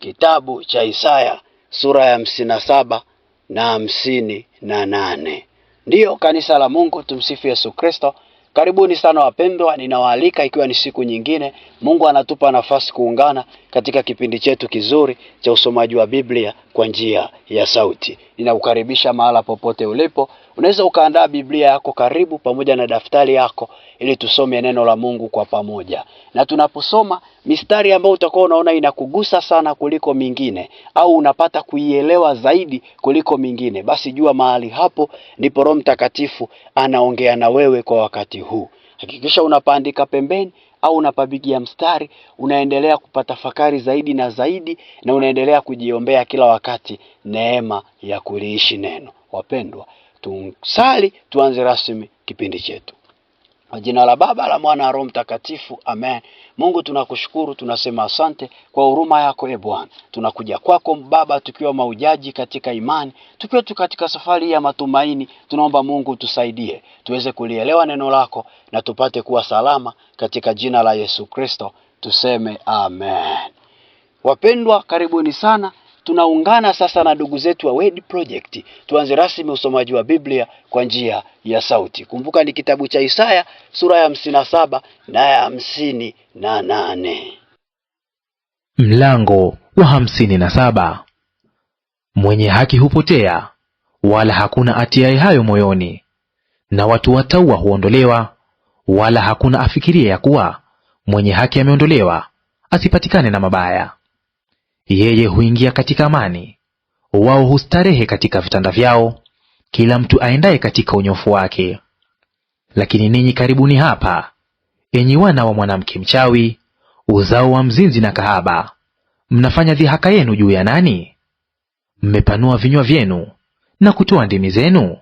Kitabu cha Isaya sura ya hamsini na saba na hamsini na nane. Ndiyo kanisa la Mungu, tumsifu Yesu Kristo. Karibuni sana wapendwa, ninawaalika ikiwa ni siku nyingine, Mungu anatupa nafasi kuungana katika kipindi chetu kizuri cha usomaji wa Biblia kwa njia ya sauti. Ninakukaribisha mahala popote ulipo Unaweza ukaandaa Biblia yako karibu pamoja na daftari yako ili tusome neno la Mungu kwa pamoja. Na tunaposoma mistari ambayo utakuwa unaona inakugusa sana kuliko mingine au unapata kuielewa zaidi kuliko mingine, basi jua mahali hapo ndipo Roho Mtakatifu anaongea na wewe kwa wakati huu. Hakikisha unapaandika pembeni au unapabigia mstari, unaendelea kupatafakari zaidi na zaidi, na unaendelea kujiombea kila wakati neema ya kuliishi neno. Wapendwa, Tusali tuanze rasmi kipindi chetu. Kwa jina la Baba la Mwana na Roho Mtakatifu, amen. Mungu tunakushukuru, tunasema asante kwa huruma yako e Bwana. Tunakuja kwako Baba tukiwa maujaji katika imani, tukiwa tu katika safari ya matumaini. Tunaomba Mungu tusaidie tuweze kulielewa neno lako na tupate kuwa salama katika jina la Yesu Kristo, tuseme amen. Wapendwa, karibuni sana tunaungana sasa na ndugu zetu wa Word Project tuanze rasmi usomaji wa Biblia kwa njia ya sauti. Kumbuka ni kitabu cha Isaya sura ya hamsini na saba na ya hamsini na nane. Mlango wa hamsini na saba. Mwenye haki hupotea, wala hakuna atiaye hayo moyoni, na watu wataua huondolewa, wala hakuna afikirie ya kuwa mwenye haki ameondolewa, asipatikane na mabaya. Yeye huingia katika amani, wao hustarehe katika vitanda vyao, kila mtu aendaye katika unyofu wake. Lakini ninyi karibuni hapa, enyi wana wa mwanamke mchawi, uzao wa mzinzi na kahaba. Mnafanya dhihaka yenu juu ya nani? Mmepanua vinywa vyenu na kutoa ndimi zenu?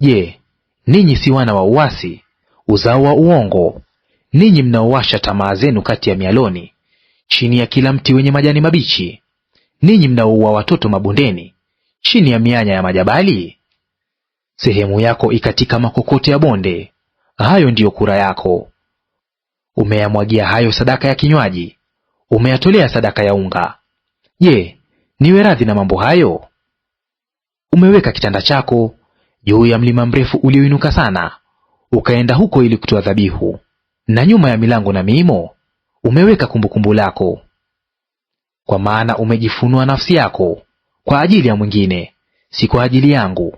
Je, ninyi si wana wa uasi, uzao wa uongo, ninyi mnaowasha tamaa zenu kati ya mialoni chini ya kila mti wenye majani mabichi, ninyi mnaoua watoto mabondeni, chini ya mianya ya majabali? Sehemu yako ikatika makokote ya bonde, hayo ndiyo kura yako. Umeyamwagia hayo sadaka ya kinywaji, umeyatolea sadaka ya unga. Je, niwe radhi na mambo hayo? Umeweka kitanda chako juu ya mlima mrefu ulioinuka sana, ukaenda huko ili kutoa dhabihu, na nyuma ya milango na miimo umeweka kumbukumbu lako. Kwa maana umejifunua nafsi yako kwa ajili ya mwingine, si kwa ajili yangu;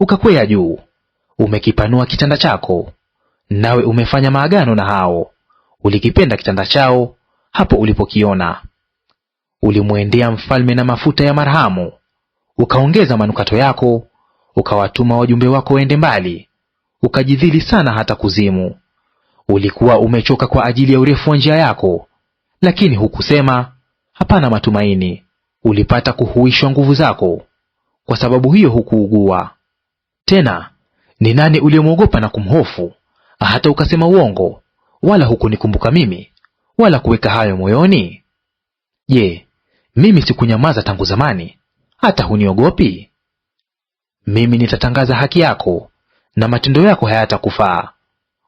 ukakwea juu, umekipanua kitanda chako, nawe umefanya maagano na hao; ulikipenda kitanda chao hapo ulipokiona. Ulimwendea mfalme na mafuta ya marhamu, ukaongeza manukato yako, ukawatuma wajumbe wako waende mbali, ukajidhili sana hata kuzimu. Ulikuwa umechoka kwa ajili ya urefu wa njia yako, lakini hukusema, hapana matumaini. Ulipata kuhuishwa nguvu zako, kwa sababu hiyo hukuugua tena. Ni nani uliyemwogopa na kumhofu, hata ukasema uongo, wala hukunikumbuka mimi, wala kuweka hayo moyoni? Je, mimi sikunyamaza tangu zamani, hata huniogopi? Mimi nitatangaza haki yako, na matendo yako hayatakufaa.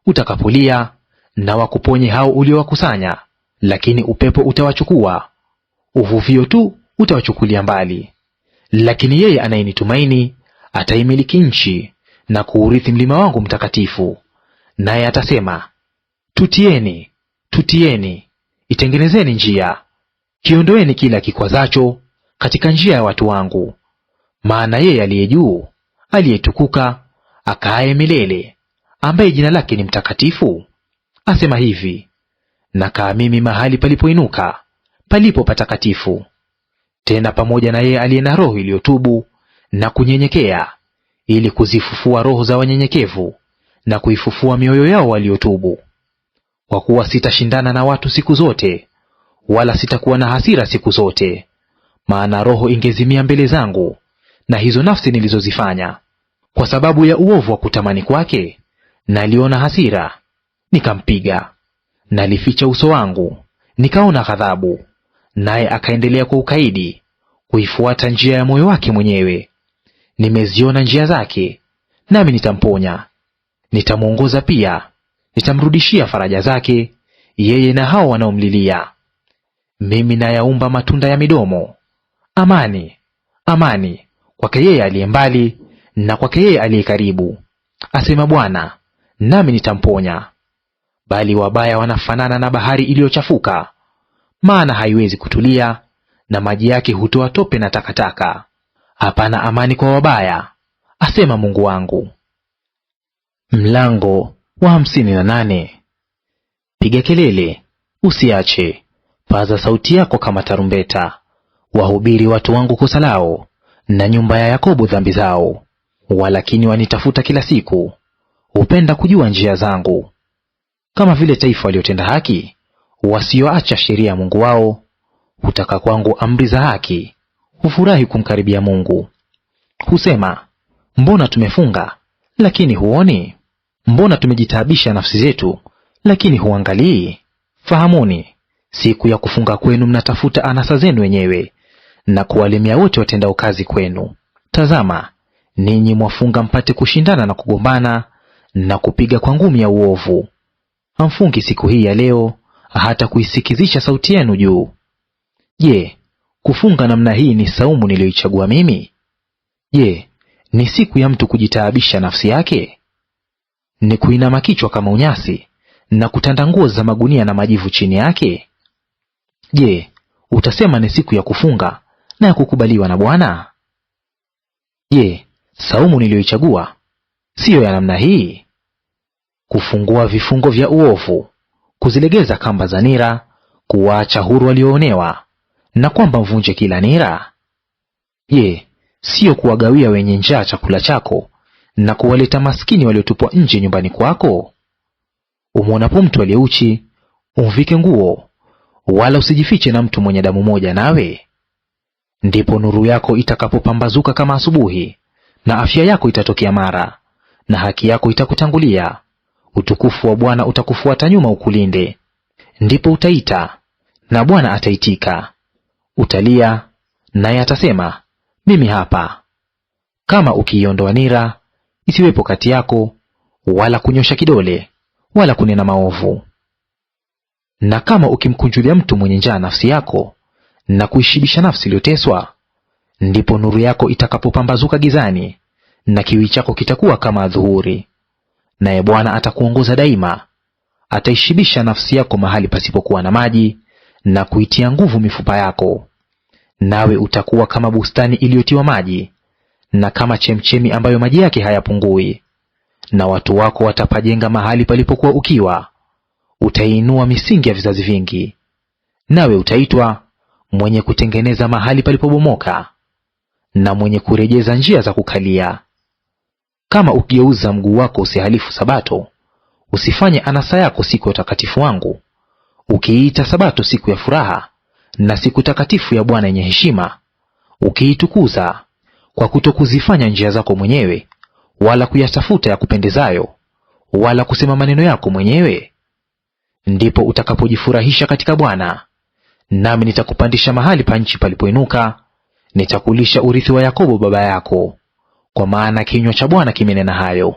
Utakapolia na wakuponye hao uliowakusanya, lakini upepo utawachukua, uvuvio tu utawachukulia mbali. Lakini yeye anayenitumaini ataimiliki nchi na kuurithi mlima wangu mtakatifu. Naye atasema, tutieni, tutieni, itengenezeni njia, kiondoeni kila kikwazacho katika njia ya watu wangu. Maana yeye aliye juu aliyetukuka akaaye milele ambaye jina lake ni mtakatifu, asema hivi, nakaa mimi mahali palipoinuka, palipo patakatifu, tena pamoja na yeye aliye na roho iliyotubu na kunyenyekea, ili kuzifufua roho za wanyenyekevu na kuifufua mioyo yao waliotubu. Kwa kuwa sitashindana na watu siku zote, wala sitakuwa na hasira siku zote, maana roho ingezimia mbele zangu, na hizo nafsi nilizozifanya kwa sababu ya uovu wa kutamani kwake naliona hasira nikampiga, nalificha uso wangu nikaona ghadhabu, naye akaendelea kwa ukaidi kuifuata njia ya moyo wake mwenyewe. Nimeziona njia zake, nami nitamponya, nitamwongoza pia, nitamrudishia faraja zake, yeye na hao wanaomlilia. Mimi nayaumba matunda ya midomo, amani, amani, kwake yeye aliye mbali na kwake yeye aliye karibu, asema Bwana nami nitamponya. Bali wabaya wanafanana na bahari iliyochafuka, maana haiwezi kutulia, na maji yake hutoa tope na takataka. Hapana amani kwa wabaya, asema Mungu wangu. Mlango wa hamsini na nane. Piga kelele, usiache, paza sauti yako kama tarumbeta. Wahubiri watu wangu kosa lao, na nyumba ya Yakobo dhambi zao. Walakini wanitafuta kila siku, hupenda kujua njia zangu. Kama vile taifa waliotenda haki, wasioacha sheria ya Mungu wao, hutaka kwangu amri za haki, hufurahi kumkaribia Mungu. Husema, mbona tumefunga lakini huoni? Mbona tumejitaabisha nafsi zetu lakini huangalii? Fahamuni siku ya kufunga kwenu, mnatafuta anasa zenu wenyewe na kuwalemea wote watendao kazi kwenu. Tazama, ninyi mwafunga mpate kushindana na kugombana na kupiga kwa ngumi ya uovu. Hamfungi siku hii ya leo hata kuisikizisha sauti yenu juu. Je, kufunga namna hii ni saumu niliyoichagua mimi? Je, ni siku ya mtu kujitaabisha nafsi yake? Ni kuinama kichwa kama unyasi na kutanda nguo za magunia na majivu chini yake? Je, utasema ni siku ya kufunga na ya kukubaliwa na Bwana? Je, saumu niliyoichagua siyo ya namna hii? kufungua vifungo vya uovu, kuzilegeza kamba za nira, kuwaacha huru walioonewa, na kwamba mvunje kila nira? Je, siyo kuwagawia wenye njaa chakula chako na kuwaleta maskini waliotupwa nje nyumbani kwako? Umwonapo mtu aliyeuchi umvike nguo, wala usijifiche na mtu mwenye damu moja nawe. Ndipo nuru yako itakapopambazuka kama asubuhi, na afya yako itatokea mara, na haki yako itakutangulia, utukufu wa Bwana utakufuata nyuma ukulinde. Ndipo utaita na Bwana ataitika, utalia naye atasema mimi hapa. Kama ukiiondoa nira isiwepo kati yako, wala kunyosha kidole, wala kunena maovu. Na kama ukimkunjulia mtu mwenye njaa nafsi yako, na kuishibisha nafsi iliyoteswa, ndipo nuru yako itakapopambazuka gizani, na kiwi chako kitakuwa kama adhuhuri naye Bwana atakuongoza daima. Ataishibisha nafsi yako mahali pasipokuwa na maji, na kuitia nguvu mifupa yako. Nawe utakuwa kama bustani iliyotiwa maji, na kama chemchemi ambayo maji yake hayapungui. Na watu wako watapajenga mahali palipokuwa ukiwa, utaiinua misingi ya vizazi vingi. Nawe utaitwa mwenye kutengeneza mahali palipobomoka, na mwenye kurejeza njia za kukalia. Kama ukieuza mguu wako usihalifu Sabato, usifanye anasa yako siku ya utakatifu wangu, ukiiita Sabato siku ya furaha na siku takatifu ya Bwana yenye heshima, ukiitukuza kwa kutokuzifanya njia zako mwenyewe, wala kuyatafuta ya kupendezayo, wala kusema maneno yako mwenyewe, ndipo utakapojifurahisha katika Bwana. Nami nitakupandisha mahali pa nchi palipoinuka, nitakulisha urithi wa Yakobo baba yako kwa maana kinywa cha Bwana kimenena hayo.